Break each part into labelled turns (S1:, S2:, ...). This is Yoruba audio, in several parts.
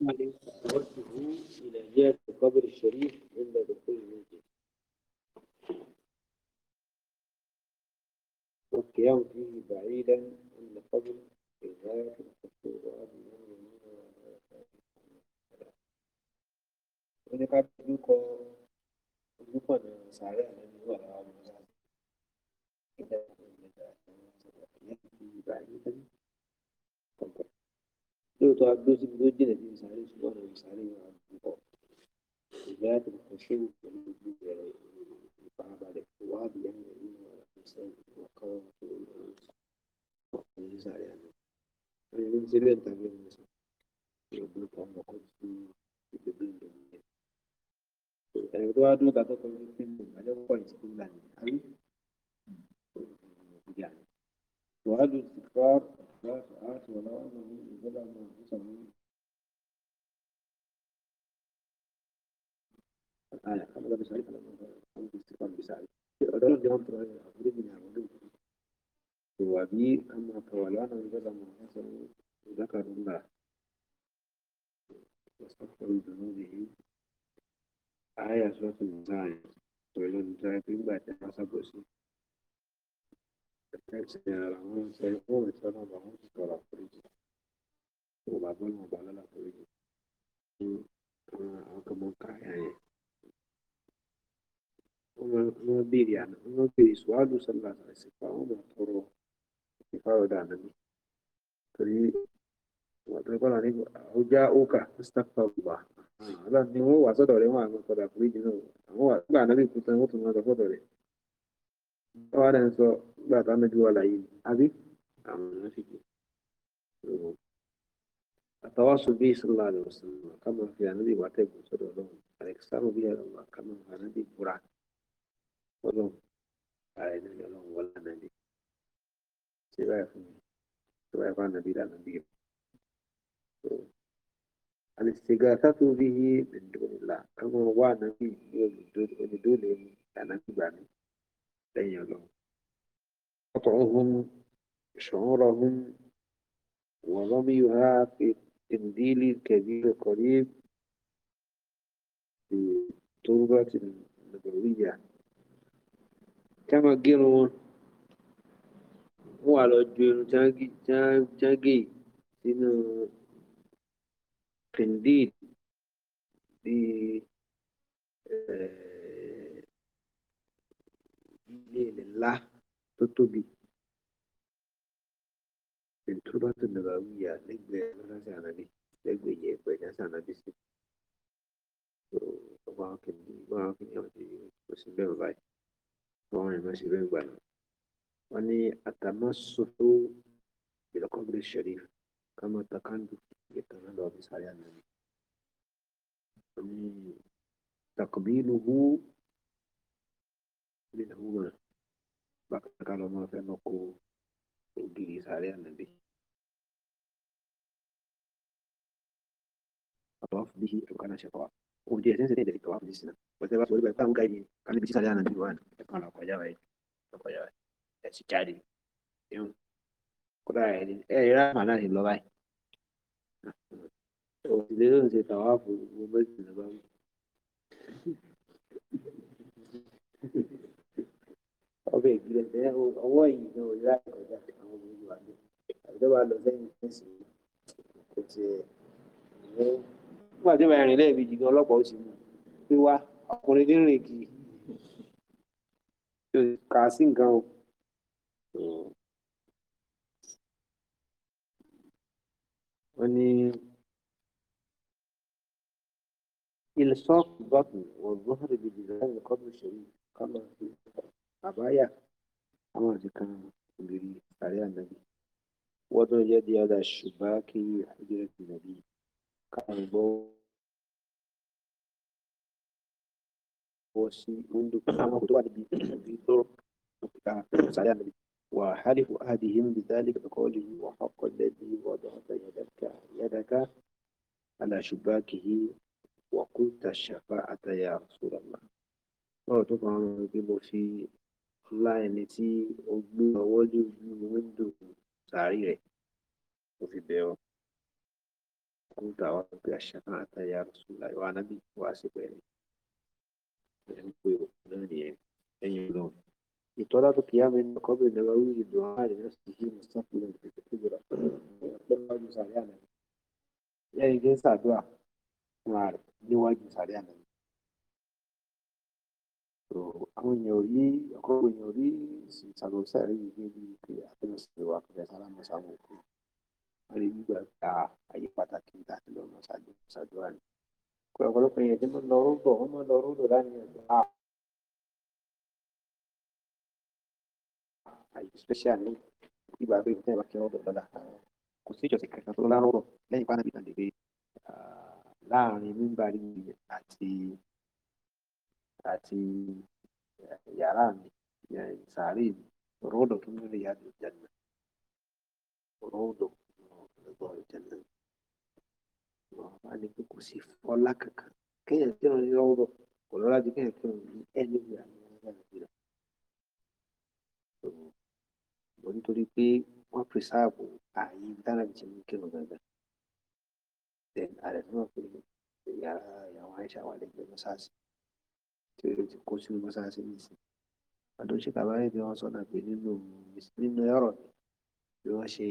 S1: وجهه إلى جهة القبر الشريف عند دخول المسجد والقيام فيه بعيدا عن القبر في غاية الخطوط وأبنى wani ka dukọ dukọ da sare tu ada sini dua je nanti misalnya semua nak misalnya yang ada kok. Sehingga tu mungkin menuju ke arah balik tua dia yang ini misalnya kau tu misalnya. Kalau yang ini sebenarnya tak ada misalnya. Ibu kau nak kau tu ibu bingung. Dan itu ada dua kata pemimpin ada poin sebulan hari. Tuhan itu ظلموا أنفسهم الآية قبل بس عليك أنا استقام بسعيد الرجل يوم ترى أريد من يعملون وبي أما طولان ظلموا أنفسهم ذكروا الله واستغفروا ذنوبهم آية سورة المزايا وإلى المزايا في بعد حسب وسيم كان سيرى سيقوم يتفرع معهم في tó o bá bọ́ lọ́wọ́ bá lọ́la tó yẹ kí àwọn kan mọ ká yà yẹn. wọ́n béèrè àná wọ́n béèrè sùwádù sọ́lá àṣìfà wọ́n mọ̀ tọrọ ìfà ọ̀dà àná mi torí wọ́n tó kọ́ lọ́nà ó já ókà mustapha bùbá àlọ́ ni wọ́n wà sọ́dọ̀ rẹ̀ wọ́n àwọn padà foríjì náà àwọn wà nígbà náà التواصل به صلى الله عليه وسلم كما في النبي وعتاب وصلى الله عليك سامو بها الله كما في النبي برع على النبي يلوم ولا نبي سواء في سواء في النبي لا نبي الاستغاثة به من دون الله كما هو نبي من دون النبي بعد لن يلوم قطعهم شعورهم ورميها في إنجيلي كبير قريب في التوبة النبوية كما قالوا هو على الجيل تاجي تاجي إنه قنديل في ilé ńlá tó tóbi ìtúrọ́tò nàbàwíyà lẹ́gbẹ̀ẹ́ lọ́sẹ̀ ànábì lẹ́gbẹ̀ẹ́ yẹ̀pẹ̀ lọ́sẹ̀ ànábì sí ọba kìíní ọba kìíní ọ̀dẹ̀ kò sí bẹ́ẹ̀ báyìí wọ́n rìn mọ́ sí bẹ́ẹ̀ gbà náà wọ́n ní àtàmọ́sọ́tò ìlọ́kọ̀gbẹ́ sẹ́ríf kama takandu yẹtọ̀nà lọ bí sáré ànábì wọ́n ní takbiluhu nínú wọn bákan ká lọ́mọ fẹ́ mọ́ kó o ògiri sàárẹ̀ ànábì. àwọn fún bíi ẹ̀kọ́ náà ṣe kọ́ wa òun díẹ̀ sẹ́ńsẹ̀ tẹ̀lé ìtọ́wá fún ìsìn náà wọ́n tẹ́ bá sọ wípé báwo gáyé kálí bíi sàárẹ̀ ànábì wà ní ẹ̀kọ́ náà kọjá wáyé kọjá wáyé ẹ̀ sì jáde ẹ̀hún kódà ẹ̀ ẹ̀ ráàmà náà ti lọ báyìí. òun lè ìjọba lọ lẹ́yìn fẹ́ǹsì kò tiẹ̀ ní. nígbà tí màá rìn lẹ́ẹ̀mejì gan ọlọ́pàá ó ti mú pé wá ọkùnrin ní kì í kà á sí nǹkan o. wọ́n ní إلصاق البطن والظهر بجدران القبر الشريف كما في أبايا أما ذكر النبي عليه النبي وضع يدي على الشباك حجرة النبي كان بوسي منذ كما قدوا بطرق النبي وحلف أحدهم بذلك بقوله وحق الذي وضعت يدك يدك على شباكه وقلت الشفاعة يا رسول الله ọ̀rọ̀ tó الله án ló ń منذ sàárì rẹ̀ ó fi bẹ̀ ọ́ kúta wa pé àṣà náà àtàyà rọ̀ṣùlá ìwà anábì wá sí pẹ̀lú ẹ̀ ń pè òkú náà nìyẹn ẹ̀yìn ọlọ́run ìtọ́lá tó kìí àmì ẹ̀kọ́ bẹ̀rẹ̀ lẹ́wà wí ìdùn àárẹ̀ náà sì yí mùsàkùnrin ìpèsè tó gbọ́dọ̀ lọ́wọ́jú sàárẹ̀ àná lẹ́yìn gẹ́sà àdúrà fúnra níwájú sàárẹ̀ àná àwọn èèyàn rí ọkọ èèyàn rí ìsàlọsẹ rí ìgbé bí pé àtẹnusẹ wa kò fẹ sálámù sáwọn òkú wọn rí gbígbà gba àyè pàtàkì láti lọ mọ ṣáájú ṣàdúrà ni pé ọ̀pọ̀lọpọ̀ èèyàn tí lọ rúbọ wọn mọ lọ rúbọ láti ẹgbẹ́ a àyè special ní ìgbà abẹ́ ìgbà ìbá kí wọn lọ lọ́la kò sí ìjọsìn kankan tó lárọ̀ lẹ́yìn pàdánù ìtàn lè láàrin mímbàrí àti àti eh, yàrá mi eh, sàárè mi ròdò tó ń lè yàtọ̀ jẹ́nà ròdò lọ́gbọ̀n jẹ́nà wọ́n á ní pé kò sí fọ́lá kankan kéèyàn tí wọ́n ní rọ́ọ̀dọ̀ kò lọ́la ju kéèyàn tí wọ́n ní ẹni ìgbà ní ọ̀gá nàìjíríà bọ̀ nítorí pé wọ́n pèsèàbò ààyè dára ti mú kírun gangan then ààrẹ náà pé yàrá ìyàwó àìsàn wà lẹ́gbẹ̀ẹ́ mọ́sáàsì tí o ti kó sínú mọ́ṣáláṣí nìsín àdó ṣe kàbáyé bí wọ́n sọ̀nà pé nínú nínú ẹ̀rọ ni wọ́n ṣe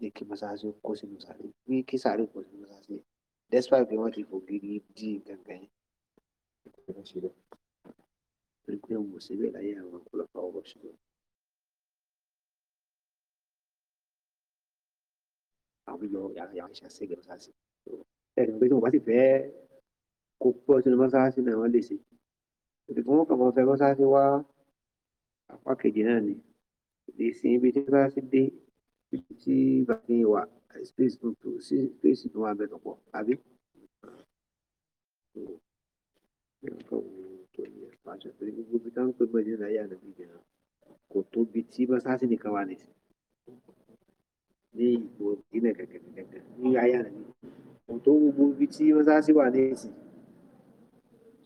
S1: ní kí mọ́ṣáláṣí kó sínú sàárè ní kí sàárè kó sínú mọ́ṣáláṣí despite pé wọ́n ti fògiri dí gangan yẹn kí wọ́n ṣe lọ torí pé wọn ò síbẹ̀ láyé àwọn ọ̀pọ̀lọpọ̀ ọ̀rọ̀ ṣùgbọ́n. àwọn yọ yàrá yàrá ìṣàṣẹ́gẹ̀ mọ́ṣáláṣí ẹ̀rọ pé tí wọ́n bá ti fẹ́ẹ́ kò pọ̀ sínú mọ́ṣáláṣí náà wọ́n lè ṣe ìdìbò wọn kàn máa fẹ́ mọ́ṣáláṣí wá apá kejì náà ni èdè ìsìn ibi tí mọ́ṣáláṣí dé ibi tí bàbá yẹn wà space tó tó sí space tó wà bẹ̀rẹ̀ pọ̀ àbí. gbogbo ibi táwọn pè mọ́ ìdílé ayé àná gbígbé náà kò tóbi tí mọ́ṣáláṣí nìkan wà nìsín ní ìgbò ìpínlẹ̀ kẹ̀kẹ́ kẹ̀kẹ́ ní ayé àná gbígbé kò tó gbogbo ibi tí mọ́ṣáláṣí wà nìsín.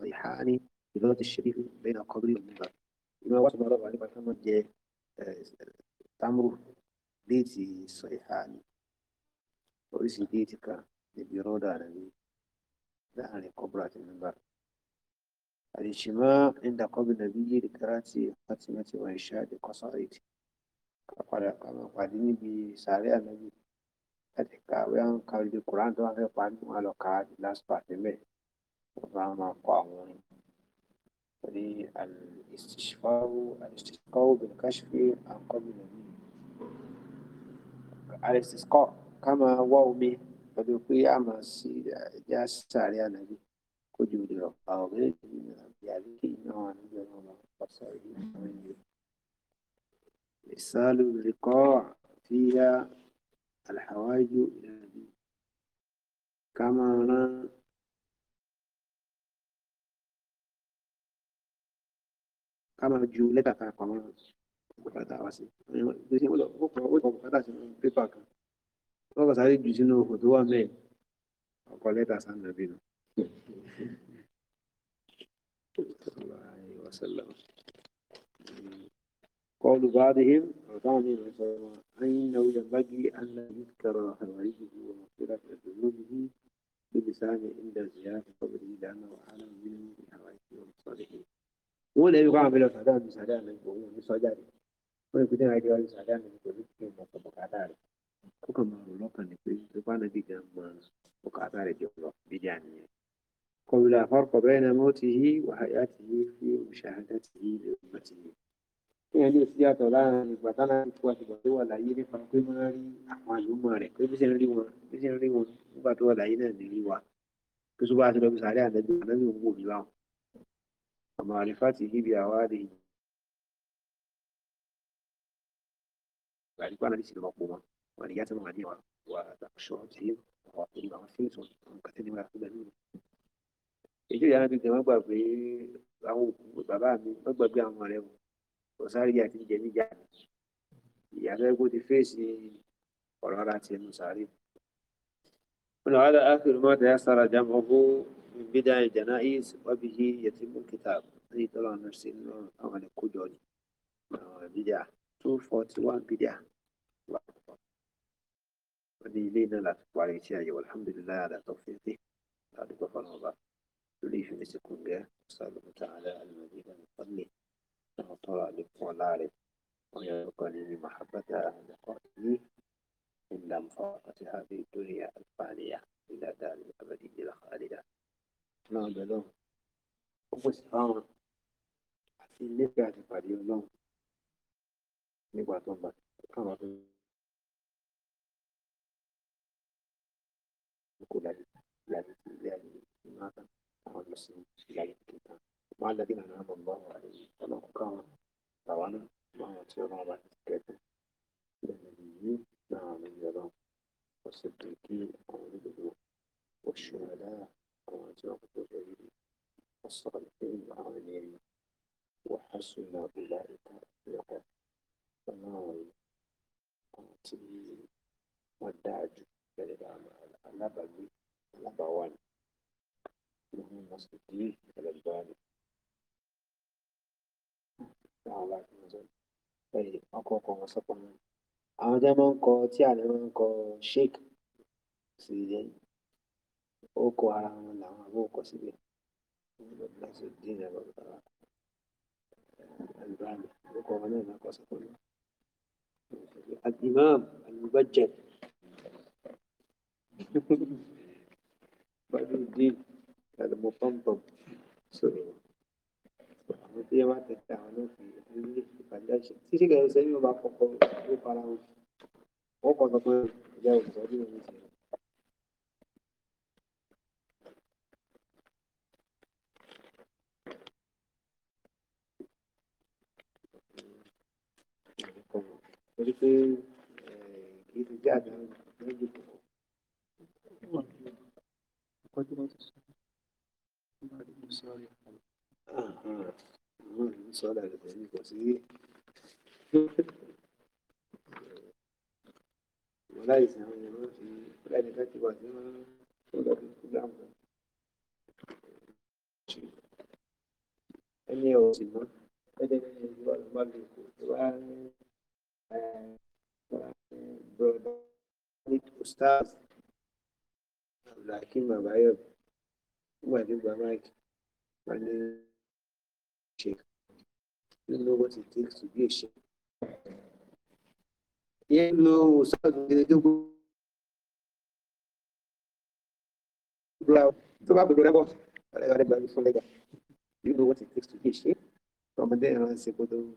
S1: صحيحان في بلد الشريف بين القبر والمنبر إمام أبو الله عليه وسلم جاء تعمره بيتي صحيحان ورسي بيتك بيرودا نبي لأن القبر المنبر الاجتماع عند قبر النبي لقراءة خاتمة وإنشاد قصائد كما قادم بسارع النبي láti kàwé àwọn kàwé Kùránì tó wà fẹ́ pa nínú àlọ́ka last part مع قاعون فدي الاستشفاء الاستشفاء بالكشف عن قبل النبي الاستسقاء كما هو أمي فدوكي أما جاس ساري نبي كجود القاضي من أبيالك إنه نبي الله فصائد من إرسال اللقاء فيها الحوائج إلى النبي كما ama jiuleta ka kwa mwana bùkátà wá sí ìgbésí ó kọ bùkátà sínú pépà kan wọ́n kọ sáré jù sínú okùn tó wà mẹ́ẹ̀ ọkọ lẹ́tà sànàbí nù. قول بعضهم وطعن العصامة أنه ينبغي أن لا يذكر حوائجه ومغفرة ذنوبه بلسانه عند زيارة قبره لأنه أعلم منه بحوائجه ومصالحه wọn lè rí káwọn fẹlẹ sàdá mi sàdá mi kò wọn ní sọjá rẹ wọn kò tẹ́lẹ̀ àjẹwálé sàdá mi kò ní kí n mọ̀ bùkátà rẹ ó kàn máa rò lọ́kàn ní pé tó bá nàbí gan mọ bùkátà rẹ jọ lọ bíjà nìyẹn. قبل فرق بين موته وحياته في مشاهدته لأمته ìyẹn ní ìsí àtọ̀ láàrin ìgbà tánà ikú àtìgbà tó wà láyé nípa pé máa rí àwọn àlùmọ̀ rẹ̀ pé bí ṣe ń rí wọn bí ṣe ń rí wọn nígbà tó wà láyé náà ní rí wa tó tó bá ti lọ bí sàárẹ̀ àdẹ́gbẹ̀ àdẹ́gbẹ̀ òun wò mí báwọn ومعرفته بأواده بعد كان ليس المقومة ونيات معدية وتقشعتهم وقاتل وفيت ومكتل ما يأخذ منه èyí ìyá náà gbẹgbẹ wọn gbà pé àwọn òkú bàbá mi wọn gbà pé àwọn ọ̀rẹ́ wọn kò sáré àti jẹ níjà ìyá fẹ kó ti fèsì ọ̀rọ̀ ara tiẹ̀ nù sáré. wọn náà wàá lọ ákìrì mọ́tò ẹ̀ sára jàmọ́ fún من بداية الجنائز وبه يتم الكتاب أي طبعا نفس انه عمل كودوني بدعة 241 بدعة ودي لينا لا تقوالي تياجي والحمد لله على توفيقه هذا كفر الله تليف نسكون جاه صلى تعالى المدينة من فضله وطلع لكم العارف ويرقني محبة أهل قرني إلا مفارقة هذه الدنيا الفانية إلى دار الأبدي إلى خالدة náà bẹ̀ lọ́hùn ó pèsè fáwọn àti nífẹ̀ẹ́ àti pàdé ọlọ́hùn nígbà tó ń bá káwọn tó ń kó láyé láyé láyé máa tán àwọn lọ sí ìlànà kíkà máa lọ dínà náà bọ̀ ń bọ̀ wà lẹ́yìn ọlọ́hùn káwọn bàbá náà máa ti ọlọ́hùn bá ti kẹ́kọ̀ọ́ lẹ́yìn yìí náà àwọn ènìyàn lọ́hùn ọ̀sẹ̀ tó kí àwọn olùdókòwò. والشهداء وزوجه والصالحين العالمين وحسن أولئك رفيقا فناوي àti wọ́n dáa jù bẹ́ẹ̀ bá alábàágbé alábàáwá ni lóhun wọn sì dé ìgbàlagbà ni. ọkọ̀ ọkọ̀ wọn sọ́kọ̀ náà àwọn jẹ́ máa ń kọ tí àná máa ń kọ sheik sí lẹ́yìn. orúkọ ara wọn làwọn àbó kọ síbẹ̀ Nasruddin Al-Albani orúkọ wọn náà kọ sí pẹ̀lú Al-Imam Al-Mubajjal Badruddin Al-Mufaddal sọ̀rọ̀ àwọn tí wọ́n ti ta àwọn náà fi ilé ìpàdé àṣẹ títí kẹrin sẹ́yìn ọba kọ̀ọ̀kan ló para wọn wọ́n kọ́ sọ pé ìjà òṣìṣẹ́ bí wọ́n ti torí pé kì í ti jáde lójú kòkó. Sọ́dà rẹ̀ pẹ̀lú kò sí. Wọ́n láì sin àwọn èèyàn náà fi láìní láti wà ní wọ́n sọ́dà tó kú láwọn. Ẹni ẹ̀ ò You know what it takes to be a chef. You know Ustaz Gidegbo tó You know what it takes to be a Sheikh. Ọmọdé ìrànṣẹ́ kó tó go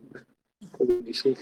S1: tó the Sheikh.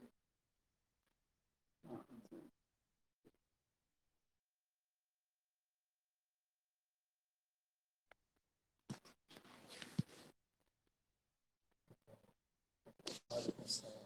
S1: Yes.